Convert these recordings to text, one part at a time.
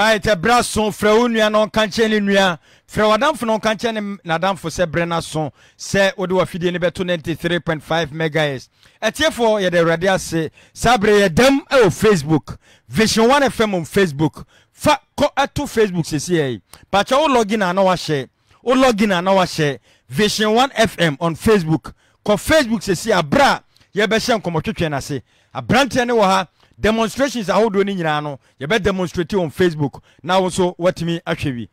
right ɛbrɛ so frɛ wo nua na ɔnka nkyɛn ne nua frɛ w'adamfo na ɔnka nkyɛn ne n'adamfo sɛ brɛ no so sɛ wode wafidie no bɛto 93.5 megaes ɛtiefoɔ yɛde awurade ase saa berɛ yɛdam ɛwɔ facebook vision one fm on facebook fa kɔ ɛto facebook sesiei pakyɛ wo login a na wahyɛ wo login a na wahyɛ vision 1 fm on facebook kɔ facebook sesi abrɛ a yɛbɛhyɛ nkɔmmɔtwetwe no ase aberanteɛ ne wɔ ha demonstrations ahodoɔ no nyinaa no yɛbɛ demonstrate on facebook na wo nso woatumi ahwɛ bi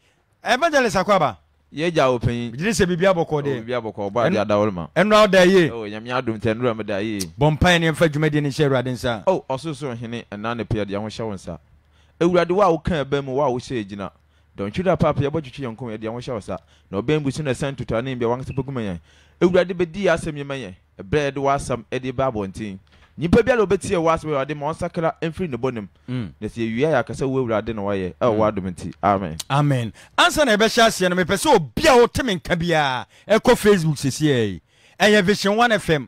evangelist akwaba yɛgya wo panyin gyere sɛ biribi abɔkɔ deɛ ɛnora woda yie bɔ mpaɛ ne ɛmfa dwumadiɛ no nhyɛ awurade nsa ɔsosoro hene ɛna ne pɛ deɛ ho hyɛ wo nsa awurade wo a woka ba mu wo a wohyɛ agyina dɔntwerɛ papa yɛbɔtwitwe yɛn kom yɛde ho hyɛ wo sa na ɔbɛn bu so na ɛsɛn totane bia wankasa bɛguma yɛn awurade bɛdi yɛ asɛm yɛma yɛn ɛberɛ yɛde w'asɛm ɛde ba abɔnten nipa bi a obeti ɛwɔ asɛm ɛwɔ ade ma ɔnsakra mfiri ne bɔnum mm. na sɛ ewia yɛ akasɛ wo awurade na wɔyɛ ɛwɔ mm. wɔ adom nti amen. amen ansa na ɛbɛhyɛ aseɛ no mepɛ sɛ obi a wote me nka biara ɛkɔ facebook sɛsiɛ yi ɛyɛ vision one fm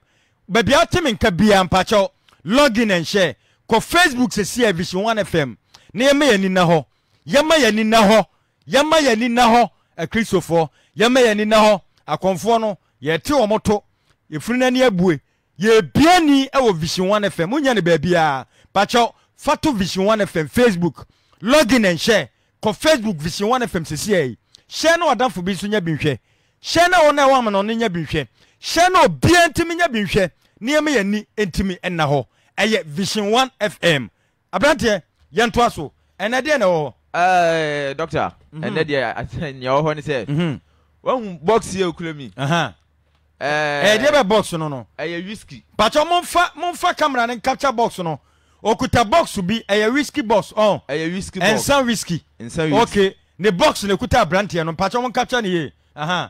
baabi a wote me nka biara mpakyɛw login and share kɔ facebook sɛsiɛ vision one fm na yɛma yɛ nina hɔ yɛma yɛ nina hɔ yɛma yɛ nina hɔ akristofoɔ yɛma yɛ nina hɔ akɔnfoɔ no yɛte wɔn to efunu yɛbie ni wɔ vision one fm wonya ne baabiaa pakyɛw fa vision one fm facebook login and share kɔ facebook vision one fm sisi ayi share na ɔdanfo bi nso nya bi nhwɛ share na wɔn a ɛwɔ ama na ɔno nya bi nhwɛ share na obiara ntumi nya bi nhwɛ nneɛma yɛn ni ntumi ɛna hɔ ɛyɛ vision one fm aberanteɛ yɛn to aso ɛnɛ deɛ na ɛwɔ hɔ. ɛɛ dɔkta ɛnɛ deɛ nea ɔwɔ hɔ ne eh, mhm. sɛ wɔn mhm. box yɛ okura ɛdeɛ eh. eh, bɛ box no no ɛyɛ eh, whisky pakyɛ momfa momfa camera ni capture box no okuta box bi ɛyɛ whisky box ɔn oh. ɛyɛ whisky box ɛnsan whisky ɛnsan whisky okay ne box ne kuta aberanteɛ no pakyɛ mo capture ne yie ahan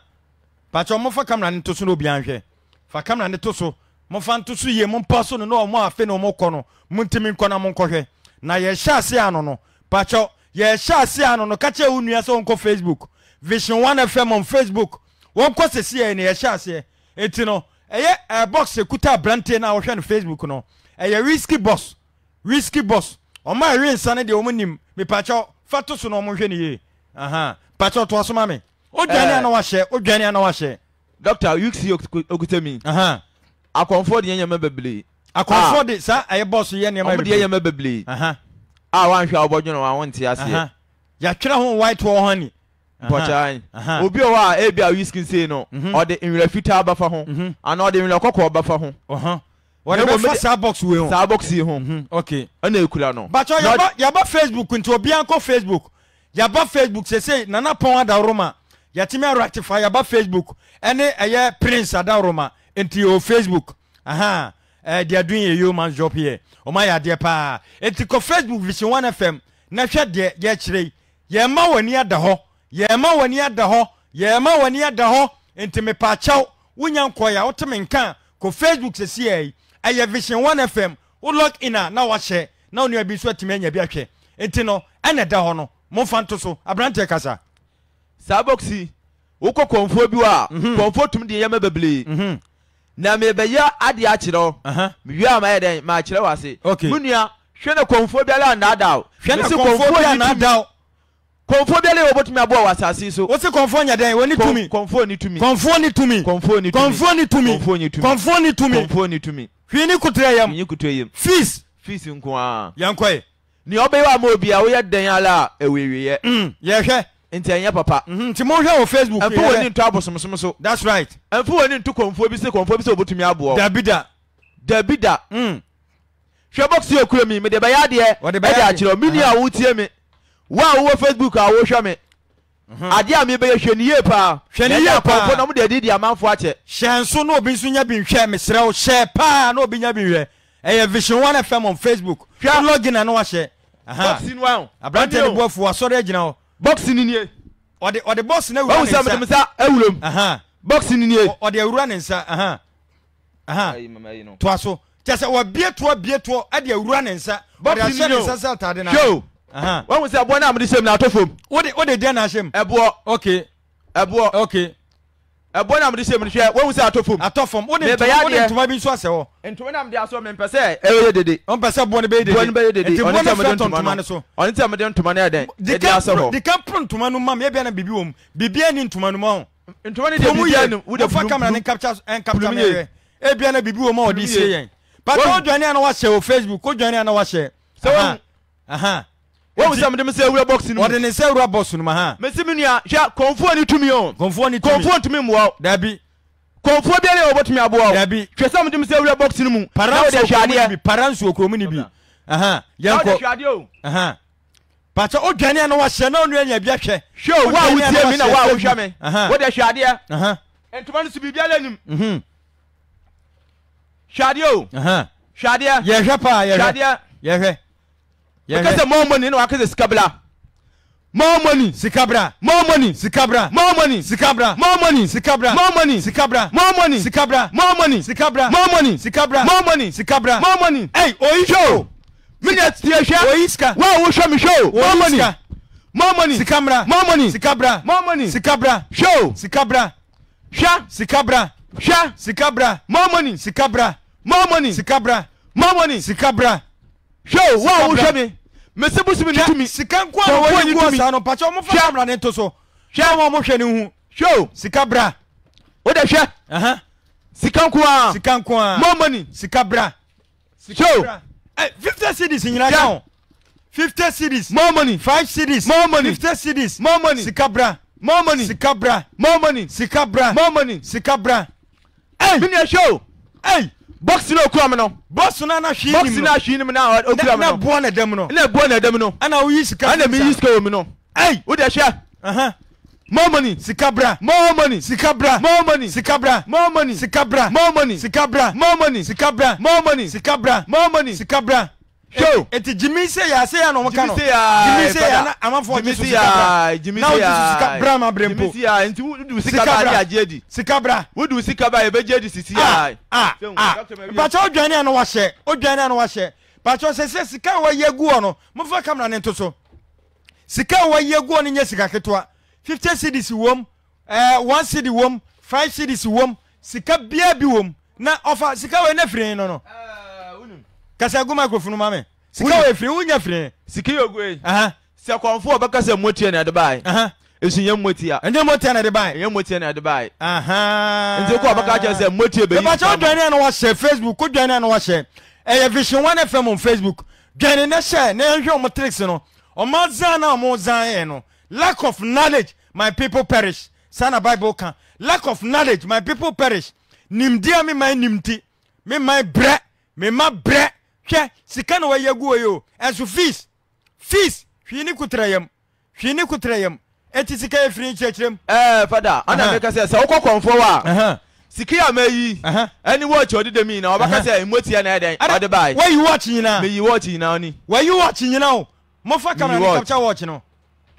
pakyɛ momfa camera ni to so na anhwɛ fa camera ni to so momfa nto so yie mompa so no na afe na ɔmo kɔ no montimi nkɔ na monkɔhwɛ na yɛhyɛ ase ano no pakyɛ yɛhyɛ ase ano no kakyɛ wo nua sɛ wɔnkɔ facebook vision one fm on facebook wɔnkɔ sɛsi yɛ ne yɛhyɛ aseɛ nti no ɛyɛ ɛɛ box ekuta aberanteɛ no a no facebook no ɛyɛ risky boss risky boss ɔmo a ɛwe nsa no deɛ ɔmo nim mipakyɛw fa to so na ɔmo hwɛ no yie pakyɛw to aso ma mi odwane ana wahyɛ odwane ana wahyɛ. doctor yuxi okutami akɔnfɔ de ah. yɛ nneɛma bebree. akɔnfɔ de sa ɛyɛ boss yɛ nneɛma bebree ɔmo de yɛ nneɛma bebree a wanhwɛ a wɔbɔ dwene wɔn a wɔn ti aseɛ. yɛatwerɛ ho white wall honey pɔkyan obi wɔ eh, a ebi a whisky sei no ɔde mhm. nwura fitaa bɛfa ho anaa ɔde nwura kɔkɔɔ bɛfa ho wɔde bɛ fa saa box wei ho saa box yi ho ok ɛna ekura no. bàtɔ yaba yaba facebook nti obi ankɔ facebook yaba facebook sese nana pɔn adaroma yɛtumi aratifa yaba facebook ɛne ɛyɛ eh, prince adaroma nti o facebook ɛhan ɛɛ deɛ dun yɛ yeoman shop yɛ ɔmo ayɛ adeɛ paa nti kɔ facebook vision one fm na hwɛ deɛ yɛ kyerɛ yi yɛn mma wɔn ada hɔ yɛma w'ani ada hɔ yɛma w'ani ada hɔ nti mepaakyɛw wonya nkɔyɛ wote me nka kɔ facebook sisi yɛ ɛyɛ vision one fm wo log in a na wahyɛ na onua bi nso atumi anya bi ahwɛ nti no ɛna ɛda hɔ no momfa nto so aberanteɛ kasa saa bɔksi wokɔ kɔnfoɔ bi a mhm. kɔnfoɔ tum de yɛma bebree mhm. na mebɛyɛ adeɛ akyerɛ mewie a mayɛ dɛn maakyerɛ wɔ ase mu nua hwɛ ne kɔnfoɔ biara a nnaadaw hwɛ ne kɔnfoɔ biara a kɔnfo biara yɛ wɔbɛtumi aboa wɔ asase so. wosi kɔnfo nyɛ dɛ wɔni tumi. kɔnfo ni tumi. kɔnfo ni tumi. kɔnfo ni tumi. kɔnfo ni tumi. kɔnfo ni tumi. kɔnfo ni tumi. kɔnfo ni tumi. hwii ni kutura yam. hwii ni kutura yam. fees. fees nko ara. yan kɔ ni ɔbɛ wa amoo bi a woyɛ dɛn ala a ewiewie yɛ. Mm, yɛhwɛ. nti ɛnyɛ papa. Mhm, nti mo hwɛ wɔ facebook yɛ. ɛnfu wɔni nto abosomosom so. that's right. ɛnfu wɔni nto kɔnfo bi se kɔnfo bi se obotumi aboɔ. dabi da. dabi da. Mm. hwɛ bɔkisi mi mi de bɛyɛ adeɛ. ɛde akyerɛ mi ni a wotie mi wa a wowɔ facebook a wohwɛ me mhm. adeɛ a mebɛyɛ hwɛ ne yie paa hwɛ ne yie paa na mode adi di amanfoɔ akyɛ hyɛ nso na obi nso nya bi nhwɛ meserɛ wo hyɛ paa na obi nya bi nhwɛ ɛyɛ vision one fm on facebook hwɛ login na no wahyɛ aberantɛ ne boafoɔ asɔre agyina hɔ box ni nie ɔde ɔde box na awura ne nsa ɔwusa mɛtɛmɛsa awuram box ni nie ɔde awura ne nsa toa so kyɛ sɛ wɔbie toɔ bie toɔ ɛde awura ne nsa ɔde ahyɛ ne nsa sɛ atade na wọn wusi ẹbọ náà mo de se mu na ato fom. o de o de diẹ na se mu. ẹbọ ok ẹbọ ok ẹbọ náà mo de se mu hwẹ wọn wusi ato fom. ato fom o de ntoma o de ntoma bi nso asẹ wọ. ntoma náà mo de aso mi mpẹsẹ ẹ yẹ dede. o mpẹsẹ bọ ni bẹ yẹ dede. bọ ni bẹ yẹ dede ọni tẹ mo de ntoma ni so. ọni tẹ mo de ntoma ni ẹdẹ ẹdi asẹ wọ. dika pro ntoma nu ma mi ebi ẹna bibi wọ mu bibi ẹni ntoma nu ma o. ntoma ni de bibi ẹni wọ de bulum bulum bulum bulum yẹ. wọ́n fa kamara ni wọn sọ mi sẹ ewura bọks ni mu. ọdini sẹ ewura bọks ni mu ha. mesi mi nua hwẹ kọnfuo ni tumi o. kọnfuo ni tumi kọnfuo tumi mu ọ. dabi. kọnfuo biara yẹ wọ bọtumi aboa o. dabi. hwẹ sẹ mi sẹ ewura bọks ni mu. paransi okuromu ni bi paransi okuromu ni bi. yẹn kọ pàtó o dwani àná wa hyẹ náà nua yẹn bi ahwẹ. hwẹ o wa awo tie mi na wa awo hwẹ mi. o de hwẹ adeɛ. ntoma ni subi biara nim. hwɛ adeɛ o. hwɛ adeɛ. yɛhwɛ paa yɛhwɛ. hwɛ adeɛ. yɛhwɛ wọ́n sẹ́ more money ní wàá kẹ́sẹ̀ sikabla more money sikabra more money sikabra more money sikabra more money sikabra more money sikabra more money sikabra more money sikabra more money sikabra more money sikabra more money. ẹyìn oyin ṣe o minute tiẹ ṣe oyin sika wọ́n àwọn oṣù mi ṣe o more money more money sikamra more money sikabra more money sikabra ṣe o sikabra ṣá sikabra ṣá sikabra more money sikabra more money sikabra more money sikabra ṣe o wọ́n àwọn oṣù mi mese bosome ne tumi sika nkoawosa no pakyɛ ɔmo fa mmara ne nto so hwɛ ma ɔmo hwɛ ne hu hwɛ o sika bra wode hwɛ sika nko a sika nko a momoni sika bra hwɛ o eh, fifty cities nyina ka ho fifty cities momoni five cities momoni fifty cities momoni sika bra momoni sika bra momoni sika bra momoni sika bra ɛy mene hwɛ o ɛy box na okura mu no. box na na hwi nim no box na hwi nim na okura mu no. na boɔ na dɛm no. na boɔ na dɛm no. ɛna o yi sika. ɛna mi yi sika wɔ mu no. ɛyi o de ɛhyɛ. more money sika bra more money sika bra more money sika bra more money sika bra more money sika bra more money sika more money sika yo eti Jimmy se ya se ya na ɔmo ka no jimi se ya jimi se ya na amanfo Jimmy so sika bra ya na ɔmo so sika bra ma brɛ mpo Jimmy se ya wo wudu sika bra de agye di sika bra Wo wudu sika bra ebe eh, gye di sisi ya. bàtà odwan ni àná wa hyɛ odwan ni àná wa hyɛ bàtà sese sika a wɔyɛ gu ɔno mo fɛ kamara ne nto so sika a wɔyɛ gu ɔno nye sika ketewa fifty cds wɔm ɛɛ one cd wɔm five cds wɔm sika bia bi wɔm na ɔfa sika wɔ ne firi no no. Eh. Kasi gu microphone ma me sika wo efiri wo nya firi sika yo gu yi sɛ kɔnfo ɔbɛka sɛ motie na ɛde baa esu nye motia nye motia na ɛde baa nye motia na ɛde baa nti kɔ ɔbɛka kyerɛ sɛ motie bɛyi fama ebakyɛw dwani na wɔhyɛ facebook ko dwani na wɔhyɛ ɛyɛ vision one fm on facebook dwani na hyɛ na yɛhwɛ wɔn tricks no ɔmo zan na e ɔmo zan yɛ no lack of knowledge my people perish sanna bible kan lack of knowledge my people perish nimdi a mi ma nimti mi ma brɛ mi ma brɛ hwɛ sika na wɔyɛ gu oyi o ɛnso fees fees hwii ne kutura yam hwii ne kutura yam eti sika yɛ firi nkyerɛkyerɛm. ɛɛ eh, fada ana mi kasɛ sɛ wokɔ kɔnfɔ wa siki a ma yi ɛni wɔɔkye ɔdi dɛm yina ɔba kasɛ emoti yɛ na yɛ dɛ ɔdi ba yi. wɔyi wɔɔkye yina. mi yi wɔɔkye yina ɔni. wɔyi wɔɔkye yina o mo fa kamara ni kapcha wɔɔkye no.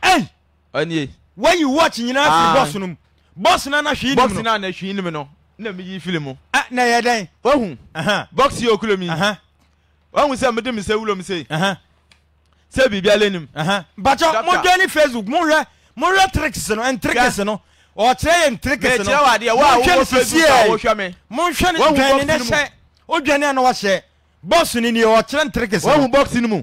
ɛyi. ɔni ye. wɔyi wɔɔkye yina fi ah. bɔs nom bɔs na na hwii nim no. bɔs na na hwii nim no na mi yi fili mu. Ah, na yɛ dɛn. wɔhu bɔks yi okuro mi wọn sẹ mi di mi sẹ wúlò mi sẹ sẹ bìbí alẹ nim. bàtà mo jẹ ní facebook mo rẹ mo rẹ tricks no and tricks no ɔkyerɛ yɛ ntrikis no mohwɛ no sisie monhwɛ no dwane ne hyɛ odwane a na wɔhyɛ bɔs no nie ɔkyerɛ ntrikis no bɔs no mu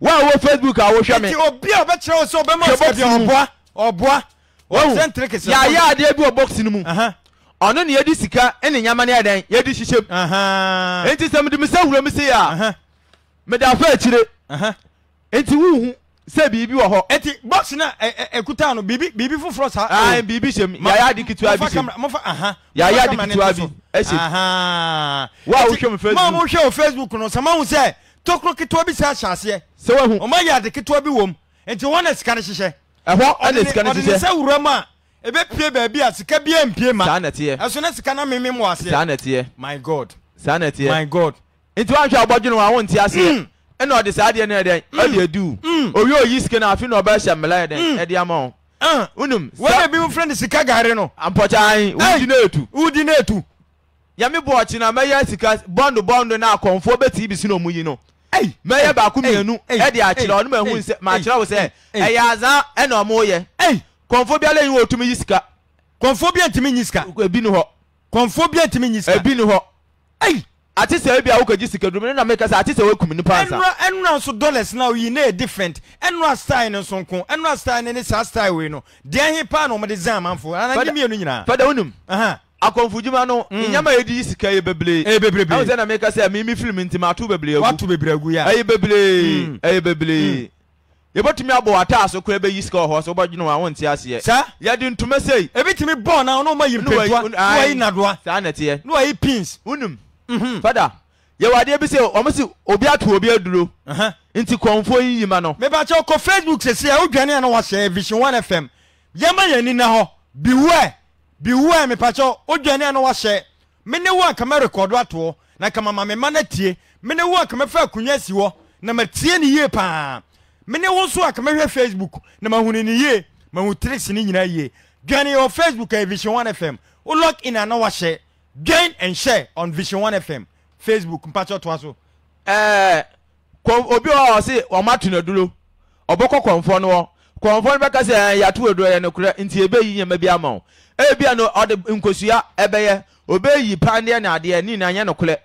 wa wo facebook a wohwɛ me obi a ɔbɛkyerɛ wo sɛ ɔbɛma ɔboa ɔboa ɔkyerɛ ntrikis yɛayɛ adeɛ bi wɔ bɔs no mu ɔno ni yɛde sika ne nyama ni ɛdɛn yɛde hyehyɛ mu enti sɛ mede me sɛ wura m se a mede afa akyire enti wohu sɛ biribi wɔ hɔ ɛti box na ɛkuta no biribi biribi foforɔ saa ɛɛ biribi hyɛ mu yaya adi ketewa bi hyɛ mu yaya adi ketewa bi ɛhyɛ mu wo a wohwɛ mu facebook maa mo hwɛ wɔ facebook no sɛ maa mo sɛ tokuro ketewa bi sɛ ahyɛ aseɛ sɛ wɔn ho wɔn ayɛ ade ketewa bi wɔ mu nti wɔn na sika no hyehyɛ ɛhɔ ɛna sika no hyehyɛ ɔde ne sɛ wura mu a ebe pie baabi a sika bi empie ma saa nɛteɛ ɛso ne sika na mimi mu aseɛ saa nɛteɛ my god saa nɛteɛ my god nti wahwɛ abɔdwene wɔn awo nti aseɛ mm. ɛna ɔde saa adeɛ no yɛ dɛn mm. ɔde edu mm. owie oyi sika na afei na ɔbɛhyɛ mmela yɛ dɛn ɛde ama wɔn ah. wọnum. wọ́n ebi fún ní sika gari nù. àpọ̀tàn eh, wúdi náà tu. wúdi náà tu. yàmi bọ̀ ọ̀kyinà mẹ́yẹ sika bọ́ndù bọ́ndù náà kọ̀ǹfọ́ bẹ́ẹ̀ tì í bi sínú ọmú yìí nù. mẹ́yẹ baako mìínú ẹ̀ di àkyerẹ́ ọ̀nùmọ̀ ẹ̀hún sẹ́ màá kyerẹ́ wò sẹ́ ẹ̀yà àzá ẹ̀ na kɔnfo bi alẹ́ yìí tumi yi sika. kɔnfo bi ntumi yi sika. ebi ni hɔ. kɔnfo bi ntumi yi sika. ebi ni hɔ. ayi ati sɛ ebi awo kɛji sika dumuni na mɛka sɛ ati sɛ okum nipa ansa. ɛnura ɛnura nso dollars na oyi ne yɛ different ɛnura style ne nso nko ɛnura style ne ne saa style wei no deɛ hin paa na wɔn de zan amanfo anagye mienu nyinaa. fɛdɛ onum akɔnfojuma no mm. nyama yɛ di sika yɛ bebree. ɛyɛ bebree. awo sɛ na mɛka sɛ mimi film nti ma ato bebree agu. wato bebree agu ya. ɛyɛ bebree mm. ɛyɛ bebree. Mm yɛbɛtumi abɔ wata aso kora bɛyi sika wɔ hɔ so wobɛdwene wa wonte aseɛ saa yɛde ntoma sei ebi tumi bɔn na ɔno ma yi mpɛtua na wayi nadoa saa nɛteɛ na wayi pins wonim mhm. fada yɛwɔ adeɛ bi sɛ ɔmo si obi ato obi aduro nti kɔnfo yi yi ma no. mepakyɛw kɔ facebook sese a a na wahyɛ vision one fm yɛma yɛn ani na hɔ beware beware mepakyɛw odwane a na wahyɛ me wo a rekɔdo atoɔ na kama ma me ma na tie me ne wo a kama fɛ akonnwa hɔ na ma tie ne yie paa mene wo nso a ka mɛhwɛ facebook na mahunu ne yie mahu tricks ne nyinaa yie dwane yɛwɔ facebook a vision One fm wo lock in ana wahyɛ join and share on vision One fm facebook mpakyɛ toa so ɛɛ obi wɔ ɔse ɔma to na duro ɔbɛkɔ kɔnfɔ no wɔ kɔnfɔ no bɛka sɛ yɛato aduro yɛ no korɛ nti ɛbɛyi nyɛma bi ama wo ebia no ɔde nkosua ɛbɛyɛ obeyi pandeɛ ne adeɛ ne nyinaa nyɛ no korɛ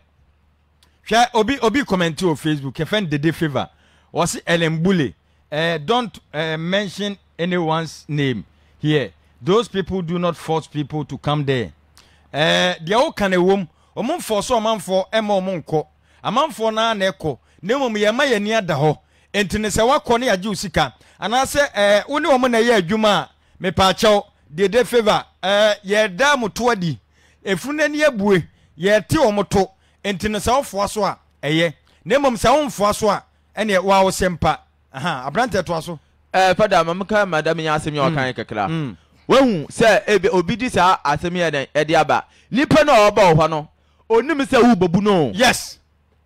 hwɛ obi obi kɔmɛnti wɔ facebook yɛfɛ no dede favour Wasi ellen uh, don't uh, mention anyone's name here those people do not force people to come there eh, deɛ woka kind of ɔmo mfɔ so ɔmanfoɔ ɛma ɔmo nkɔ amanfoɔ na ɛkɔ na mmom yɛma yɛ ani ada hɔ nti ne sɛ wakɔ ne yagye wo sika anaasɛ ɛɛ ne ɔmo na ɛyɛ me a mepaakyɛw dede favour ye damu mo to adi efunu n'ani abue yɛte ɔmo to nti ne sɛ ɔfoa a ɛne wa wo sɛ mpa aberante toa so ɛɛ eh, fada maame ka madam nyɛ asɛm yɛ ɔkan mm. kakra mm. wahu sɛ ebi obi di saa asɛm yɛ ɛde aba nipa na ɔba ɔhɔ no onim sɛ wo bobu no yes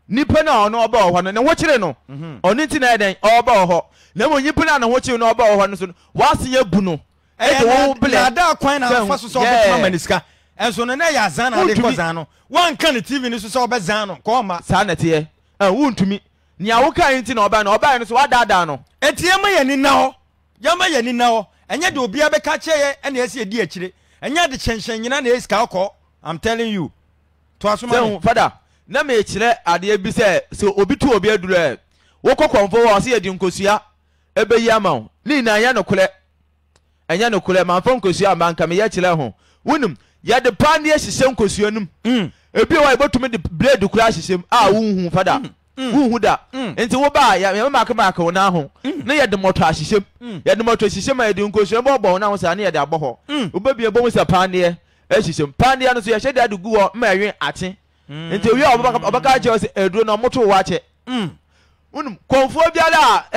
nipa na ɔno ɔba ɔhɔ no mhm. na wɔkyerɛ no ɔno ti na yɛ dɛ ɔba ɔhɔ na mo nipa na na wɔkyerɛ no ɔba ɔhɔ no so no yɛ bu no ɛyɛ wɔn na ada kwan na afa so sɛ ɔbɛ tuma ma ne sika ɛnso no na yɛ azan na ade kɔ zan no wanka ne tv ni so sɛ ɔbɛ zan no kɔɔ ma saa na teɛ wuntumi nea woka yi nti na ɔbɛn no ɔbɛn no so wadaadaa no. eti yɛn mɛ yɛn nina hɔ yɛn mɛ yɛn nina hɔ ɛnyɛ de obiara bɛka kyɛ yɛ ɛna esi edi akyire ɛnyɛ de kyɛnkyɛn nyina na esi ka i'm telling you to asoma mi. sehun fada na mɛ ekyerɛ adeɛ bi sɛ so obi tu obi aduru ɛ wokɔ kɔnfo wɔ ɔsi yɛdi nkosua ebeyi ama wo ne nyinaa ɛnyɛ no korɛ ɛnyɛ no korɛ manfɔ nkosua ama nka mi yɛ kyerɛ ho wunim yɛde paneɛ hyehyɛ nkosua no mu mm. ebi wɔ a yɛbɛtumi de blade kura hyehyɛ mu a wohun fada. Mm. Mm. wohu da mm. nti wụbaa ya maake wo no ho mm. ne yɛde mmɔtɔ ahyehyɛ m yɛde mmɔtɔ hyehyɛ ma yɛde nkosua bɔbɔ wo no ho saa ne yɛde abɔ hɔ wobɛbia bɔmu sɛ panneɛ ahyehyɛ m panneɛ no de ma ate nti wo a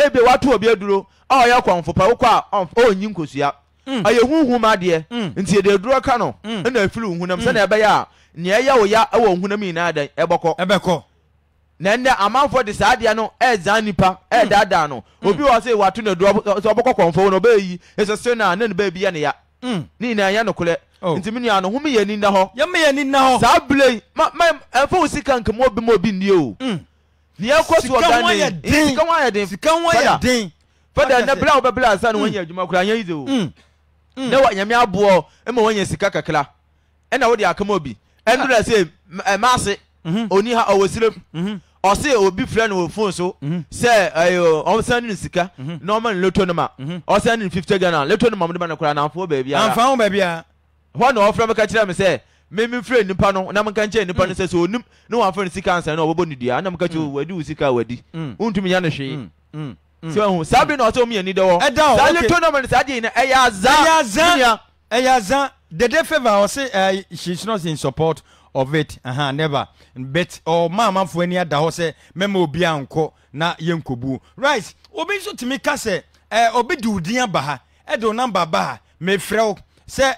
ebie obi aduro a ɔyɛ kɔnfo pa wokɔ a ɔnyi nkosua ɔyɛ huhum adeɛ nti yɛde aduro ka no a nea ya ɛwɔ hunam nyinaa na ndɛ amanfoɔ de saa adeɛ no ɛɛzan nipa ɛɛdaadaa no mm. obi wɔ sɛ wato ne doɔ sɛ ɔbɛkɔ kɔnfɔ no ɔbɛɛyi esese na ne ne baabi yɛ ne ya mm. ne nyinaa yɛ nokorɛ oh. nti mi nua no ho mi yɛ ni na hɔ yɛ mi yɛ ni na hɔ saa bile ma ma ɛfɔ wo sika nkɛ mu obi mu obi nie o mm. ni yɛ kɔ so ɔga ne sika ho ayɛ den sika ho ayɛ den fɛdɛ ne bla wo bɛ bla asa ne wɔnyɛ adwuma kora anyɛ yi de o ne wɔ nyame aboɔ ɛma wɔnyɛ sika kakra ɛna wo de akama obi ɛnura sɛ ɛmaase oni mhm. ha ɔwɔ sire mu mhm ɔsi obi filɛ no wɔ fone so mhm. sɛ ɛyɛ ɔmsɛn ne sika mhm. na ɔma ne leto no ma mhm. ɔsɛn ne fifty ghana leto no ma ɔmo de ma ne kora anamfo baabi ara anfan baabi ara hɔ na ɔfrɛ mi ka kyerɛ mi sɛ mímí filɛ nipa no na mi ka kyerɛ nipa no mm. sɛ sɛ onim ne wɔn afɔ ne sika ansa na ɔbɛbɔ ne dua na mi ka kyerɛ mm. wadi wo sika wadi mm. ntumi nya ne hwee sɛhu saa bi na ɔsɛ omi yɛ ni dɛ wɔ saa leto no ma ne saa deɛ yi na ɛyɛ aza ɛyɛ aza ɛyɛ aza dede favour ɔsi ɛɛ she is not in support of it uh huh, never bet oh, amanfoɔ ani ada hɔ sɛ memo obi ankɔ na yɛnkɔbu right obi nso tumi ka sɛ ɛɛ eh, obi di udin aba ha ɛdi eh, o namba ba ha mɛfrɛ wo sɛ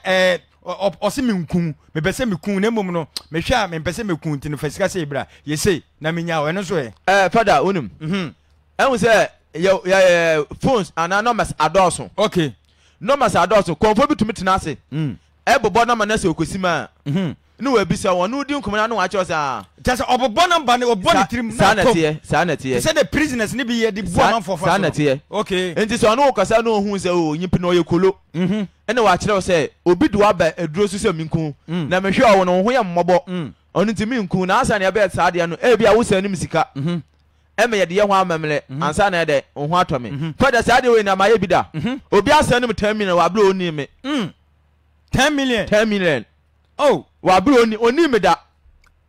ɔsi eh, mi nkun mepɛ sɛ mi kun ne mom no mehwɛ a mepɛ sɛ mi kun ti no fɛ sika sɛ yese na mi nya o ɛno so yɛ. ɛɛ fada onum ɛhun sɛ yɛ yɛ phones ana numbers adɔɔso. okay numbers adɔɔso kɔnfɔ bi tumi tena ase. ɛbobɔ mm. nama na sɛ okosi maa. Mhm ne wa bisa wɔn n'udi nkɔmɔ na ne wa kyerɛ saa. jase ɔbɔbɔ namba ne ɔbɔ ne tirim na kɔm saa nɛteɛ saa nɛteɛ. sɛ de prisoners ne bi yɛ de bu amanfo fa so saa nɛteɛ. ok nti sɛ ɔno kasa ne ohun sɛ o nyipi na ɔyɛ kolo. ɛna wakyerɛ sɛ obi do aba aduro so sɛ minkun. na mehwɛ ɔwɔ no ho yɛ mmɔbɔ. Mm. ɔno ti minkun na asa ne ɛbɛyɛ saa deɛ no ebi awosan ne mu sika. ɛmɛ mm-hmm. yɛde yɛ ho amammerɛ mm-hmm. ansa na yɛde ho atɔ me. Mm-hmm. fɛdɛ saa deɛ wɔ nam ayɛ bi da. obi asan ne ten million wɔ abiri onim me. Mm. ten million. ten million. oh wabere oni oni mi da.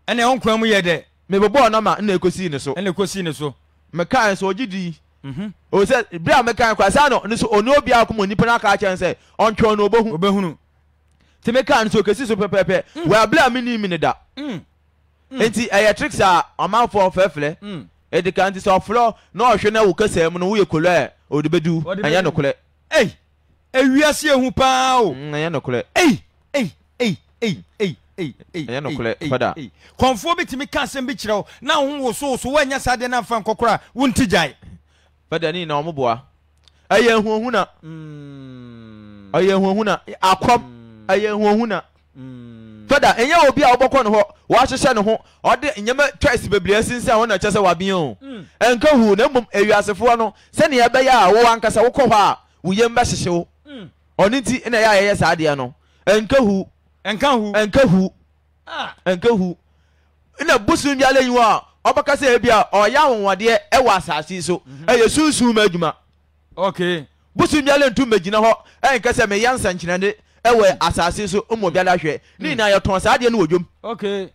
ɛna ɛwɔ nkura mu yɛ dɛ. mebobɔ ɔnam a ɛna ekosi ne so. ɛna ekosi ne so. mekan so ogyi di. Mhm. o sɛ ebire a mekan kora saa no ne so oni obi akoma onipa na aka akyɛn sɛ ɔntwɛn no obehunu. obehunu. te mekan ne so okesi so pɛpɛɛpɛ mm. wabere a mi ni mi ne da. Mm. Mm. nti ɛyɛ tricks a ɔmanfoɔ fɛɛfɛɛ. ɛdi kan ti sɛ ɔflɔ na ɔhwɛ na wò kɛsɛ mu no woyɛ kolɛ ɔde bɛdu ɛnyɛ nokorɛ kɔnfoɔ bi tumi ka asɛm bi kyerɛ wo na ho wosowoso woanyɛ saa deɛ no amfa nkɔkorɔ a wonti gyae fada ne nyina ɔmoboa ɛyɛ ahuahuna mm. ɛyɛ ahuahuna akɔm mm. ɛyɛ ahuahuna mm. fada ɛnyɛ obi a wobɔkɔ ne hɔ wahyehyɛ ne ho ɔde nyɛma choice bebree asinsin a wɔn na kyɛ sɛ wabea o ɛnka hu na mmom awiasefoɔ no sɛnea ɛbɛyɛ a wo ankasa wokɔ hɔ a wo yam bɛhyehye wo ɔno nti na ɛyɛ a yɛyɛ saa adeɛ no ɛnka hu ɛnka hu ɛnka hu ɛnka ah. hu ɛna bosom bi ala yi hɔ a ɔbɛka sɛ ebi a ɔyɛ anwadeɛ ɛwɔ asaase so mhm. ɛyɛ sunsun mu adwuma okay bosom bi ala ntu mɛgyina hɔ ɛnka sɛ mɛyɛ nsɛnkyerɛnne ɛwɔ asaase so ɔmɔ bi ala hwɛ ne hmm. nyinaa yɛtɔn saa adeɛ no wɔ dwom okay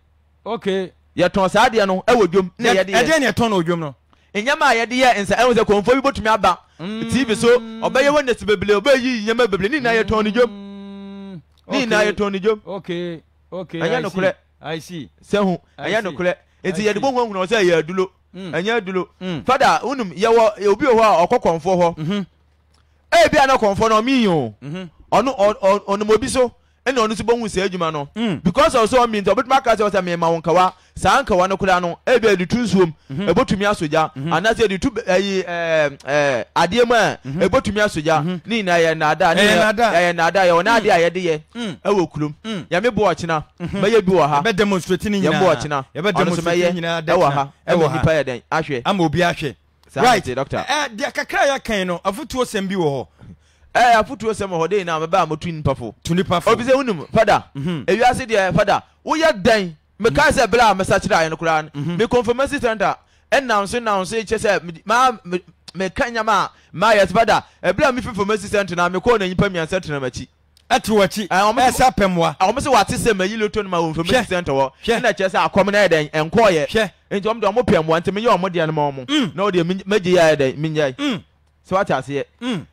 okay yɛtɔn saa adeɛ no ɛwɔ dwom na yɛde yɛ ɛdeɛ na yɛtɔn na wɔ dwom no nyɛma a yɛde yɛ nsa ɛwɔ sɛ kɔnfɔ bi bɔtumi aba hmm. tv so ɔbɛyɛ wɔ nɛsi bebree ɔbɛyɛ nyɛma bebree ne nyinaa yɛtɔn ne dwom ne nyinaa yɛ tɔn ne dwom okay okay ɛnyɛ nokorɛ i see sɛho ɛnyɛ nokorɛ nti yɛde bɔ nhunahuna sɛ yɛ adulo ɛnyɛ adulo fada wonum yɛwɔ obi wɔ hɔ a ɔkɔ kɔnfoɔ hɔ mm-hmm. ebi a na kɔnfoɔ no ɔmi yi o ɔno ɔnum mm-hmm. obi so ɛna ɔno nso bɛhu saa adwuma no mm. because ɔsɛ ɔmi nti ɔbɛtumi aka sɛ ɔsɛ mɛma wo nkawa saa nkawa no koraa no ebi ɛde tu nsuom ɛbɛtumi mhm. asogya mhm. anaasɛ ɛde tu ɛyi ɛɛ adeɛ mu a ɛbɛtumi mhm. asogya ne nyinaa yɛ nnaada ne yɛ nnaada yɛ ɔne adeɛ a yɛde yɛ mm. ɛwɔ kurom mm. yɛmɛ bɔ ɔkyena mɛyɛ bi wɔ ha yɛbɛ demonstrate ne nyinaa yɛbɔ ɔkyena ɔno nso mɛyɛ ɛwɔ ha ɛwɔ nipa yɛ dɛn ahwɛ ama obi ahwɛ right ɛɛ deɛ kakra yɛ kan no afutuo sɛm bi wɔ hɔ ɛɛ eh, afutuo sɛm wɔ hɔ de nyinaa mɛbɛ a mo tu nipa fo. tu nipa fo obi sɛ wunim fada. Mhm. ewiase deɛ fada woyɛ dɛn mekaa mhm. sɛ bere a mɛsa kyerɛ ayɛ no koraa no mhm. me confirmation center ɛnam so nam so kyɛ sɛ maa meka nyama maa yɛ fada ɛbere a mefi confirmation center na mekɔɔ na nnipa mmiɛnsa tena m'akyi. ɛte w'akyi ɛsɛ apɛmoa ɔmo sɛ wate sɛ mayi loto no ma wɔ confirmation center hɔ ɛna kyerɛ sɛ akɔm no yɛ dɛn ɛnkɔɔyɛ nti ɔmo de ɔmo pɛmoa nti menyɛ ɔmo deɛ no ma ɔmo mm. na ɔdeɛ mɛgye yɛ ayɛ dɛn menyɛ mm. sɛ wate aseɛ mm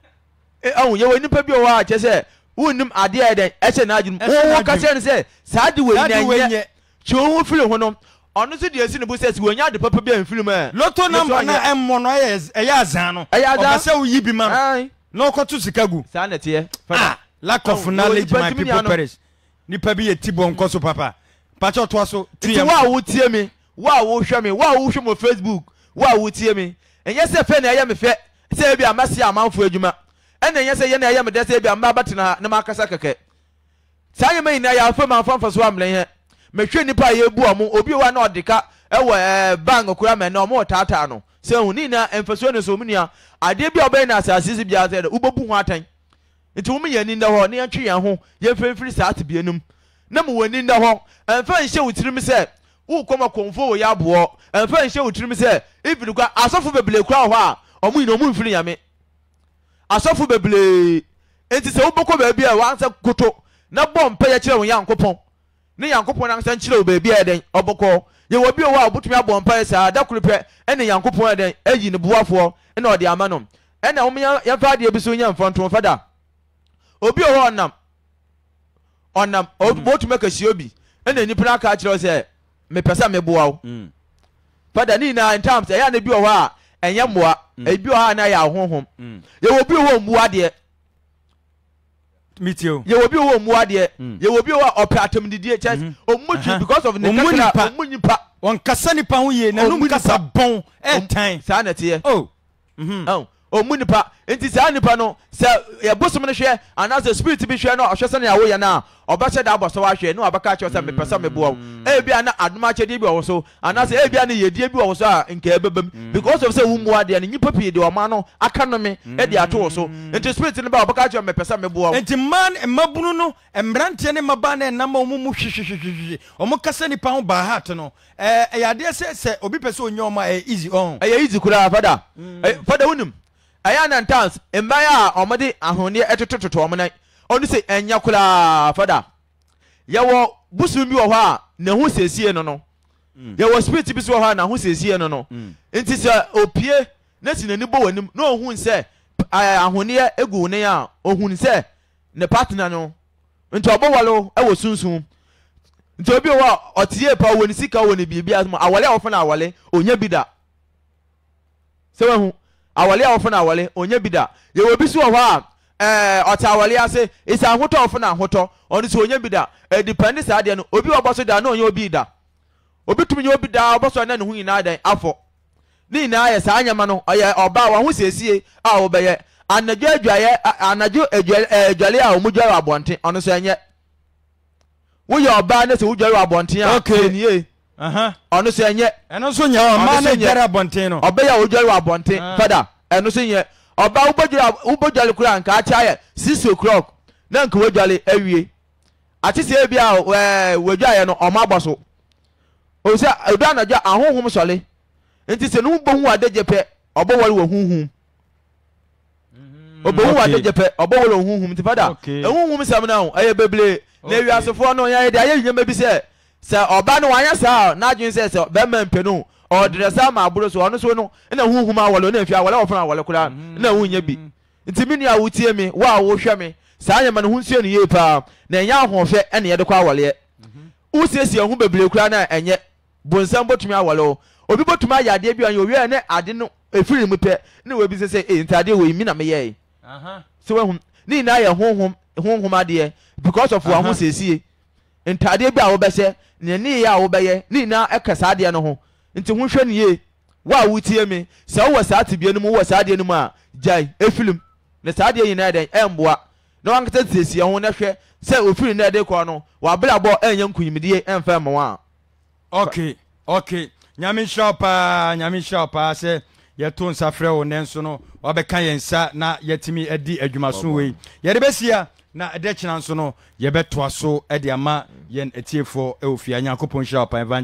ɛhun yɛwɔ nipa bi ah, wɔ hɔ a kyɛ sɛ wunnim adeɛ yɛ dɛ ɛhyɛ n'adwene mu wɔn kasa ne sɛ saa de wɔ nyɛ nyɛ kye wɔn ho firi ho no ɔno nso deɛ esi ne bu sɛ si wɔnya ade papa bi a nfiri mu ɛ. loto namba na ɛmmɔ no ɛyɛ azan no ɛyɛ azan ɔkasɛ oyi bi ma no na ɔkɔto sika gu. saa na teɛ fɛnɛ lack of knowledge my people perish nipa bi yɛ ti bɔ nkɔ so papa pàtó ɔtɔ so tiɛ mu. wa awo tie mi wa awo hwɛ mi wa awo hwɛ mi facebook wa awo tie mi ɛnyɛ sɛ fɛn na ɛyɛ mi fɛ sɛ ebi amasi amanfo adwuma ɛna ɛnyɛ sɛ yɛn na ɛyɛ mu dɛsɛ bi a mmaa bɛtena ha na mu akasa kɛkɛ saa yɛ mɛ nyinaa yɛ afɔ mu afɔ nfaso amlɛ yɛ mɛhwɛ nipa a yɛbu ɔmo obi wa na ɔde ka ɛwɔ ɛɛ eh, bank kura mɛ na ɔmo wɔ no sɛ ɛhu ne nyinaa mfaso ne so mu nua adeɛ bi a ɔbɛyɛ na asase si biara sɛ wobɛbu ho atɛn nti wɔn yɛn ni da hɔ ne yɛn twe yɛn ho yɛn mfimfini saa te bie na mu wɔn ni da hɔ mfa nhyɛ wɔ tirim sɛ wokɔma kɔmfo wɔ yɛ aboɔ mfa nhyɛ wɔ tirim sɛ ifiri kwa asɔfo bebree kura wɔ hɔ a ɔmo nyinaa ɔmo mfiri nyame asɔfo bebree eti sɛ wobɛkɔ baabi a wansɛ koto na bɔ mpɛyɛ kyerɛ wo nyankopɔn ne nyankopɔn nansa nkyerɛ wo baabi a ɛdɛn ɔbɔkɔ yɛwɔ bi wɔ a wobɛtumi abɔ mpɛyɛ saa da koro pɛ ɛne nyankopɔn ɛdɛn ayi ne boafoɔ ɛna ɔde ama no ɛna wɔn yɛmfa adeɛ bi so nyɛ mfɔntom fada obi wɔ hɔ ɔnam ɔnam wɔtumi mm. akasi obi ɛna nipa n'aka akyerɛ sɛ mepɛ sɛ meboa wo mm. fada ne nyinaa in terms ɛyɛ ane bi wɔ hɔ a ɛnyɛ mmoa ebi wɔ ha na yɛ ahohom mm. yɛwɔ bi wɔ mmoa deɛ mitiw yɛwɔ bi wɔ mmoa deɛ yɛwɔ bi wɔ ɔpɛ atamdidie kyɛ ɔmu mm-hmm. twi because of ne kakra ɔmu nipa wɔn kasa nipa ho yie na num kasa bɔn ɛɛtan eh, saa na ɛteɛ. Oh. Mm-hmm ɔmu nipa nti saa nipa no sɛ yɛbosom no hwɛ anaasɛ spirit bi hwɛ no ɔhwɛ sɛ ne awoyɛ no a ɔbɛhyɛ da abɔsɛ wahwɛ ne wabɛka kyerɛ sɛ mm. mepɛ sɛ meboa wo ebia na adom akyɛdeɛ bi wɔ wo so anaasɛ ebia na yɛdie bi wɔ wo so a nkaa bɛbam mm. because of sɛ wo mmoa deɛ no nnipa pii deɛ ɔma no aka nome mm. de ato wo so nti spirit no ba ɔbɛka kyerɛ mepɛ sɛ meboa wo nti ma mmabunu no mmeranteɛ ne mmabaa no ɛnam a ɔmo mu hwehwehwehwehwe ɔmo kasa nipa ho baa hat no ɛyɛ adeɛ sɛ sɛ obi pɛ sɛ ɔnyɛ ɔma ɛyɛ easy ɔn ɛyɛ easy koraa fada fada wonim ɛyɛ nantans mmaa a wɔde ahonneɛ ɛtotototo wɔn nan ɔno sɛ ɛnyɛ koraa fada yɛwɔ busum bi wɔ hɔ a n'aho siesie no no mm. yɛwɔ spirit bi so wɔ hɔ a n'aho siesie no no mm. nti sɛ opie na si n'ani bɔ w'anim na ohun sɛ ahonneɛ egu ne a ohun sɛ ne partner no nti ɔbɔ wale ɛwɔ sunsun nti obi wɔ a ɔtie pa wɔ ne sika wɔ ne biribi asom awale a wɔfɛ na awale onye bi da sɛ wɔn ho. awale a wɔfo no awale ɔnyɛ bi da yɛwɔ bi so wɔ hɔ a ɛɛ eh, ɔte awale ase ɛsɛ ahotɔ ɔfo no ahotɔ ɔno so ɔnyɛ bi da ɛdipɛndi eh, saa deɛ no obi wɔ bɔ so da na ɔnyɛ obi da obi tumi nyɛ obi da ɔbɔ so na ne ho nyinaa dan afɔ ne nyinaa yɛ saa nyɛma no ɔyɛ ɔbaa wɔn ho siesie a wɔbɛyɛ anadwo adwaeɛ anadwo adwale eh, a wɔn dware abɔnten ɔno so ɛnyɛ woyɛ ɔbaa ne sɛ wodware abɔnten a okay. ɔno so ɛnyɛ ɛno so nyɛ ɔma ne dware no ɔbɛyɛ a wɔ abɔnten fada ɛno so nyɛ ɔba wobɛdware kora nka akyɛ ayɛ six o'clock na nka wodware awie ate sɛ ebi a wɔadwaeɛ no ɔma abɔ so anadwa ahohom sɔre nti sɛ pɛ wɔ huhum wa pɛ wɔ huhum fada ehuhum sɛm ɛyɛ bebree na sɛ ɔba no wanyɛ saa n'adwene sɛ sɛ bɛrima mpenu ɔdrɛ saa ma aburo so ɔno so no ɛna huhum awɔle ɔna efi awɔle ɔfɔna awɔle koraa mm-hmm. ɛna hunyɛ bi nti mi nua wotie mi wo a wohwɛ mi saa nyɛma no ho nsia no yie paa na ɛnyɛ ahoɔfɛ ɛna yɛde kɔ awɔleɛ mm-hmm. wosiesie ho bebree koraa na ɛnyɛ bonsam botumi awɔle o obi botumi ayɛ adeɛ bi a yɛ owie ne ade no efiri mu pɛ ne wo ebi sɛ sɛ ee ntaade wo yi mi na mi yɛ yi so wɔn ne nyinaa yɛ honhom honhom adeɛ because of wɔn ho siesie ntadeɛ bi a wobɛhyɛ nea ne yɛ a wobɛyɛ ne nyinaa ɛka saa adeɛ no ho nti ho hwɛ nie wo a wotie me sɛ wowɔ saa tebea no mu wowɔ saa adeɛ no mu a gyae ɛfilim na saa adeɛ nyinaa dɛn ɛmboa na wankasa siesie ho na hwɛ sɛ ofiri na ɛde kɔ no wabrabɔ ɛnyɛ nkunyimdie ɛmfa ma wɔn a. ok ok nyame nhyira paa nyame nhyira paa sɛ yɛto nsa frɛ wo nanso no wabɛka yɛn nsa na yɛtumi adi adwumaso wei yɛde bɛsia na ɛdɛ kyena nso no yɛbɛtoa so de ama yɛn atiefoɔ wɔ fie nyankopɔn hyira ɔpan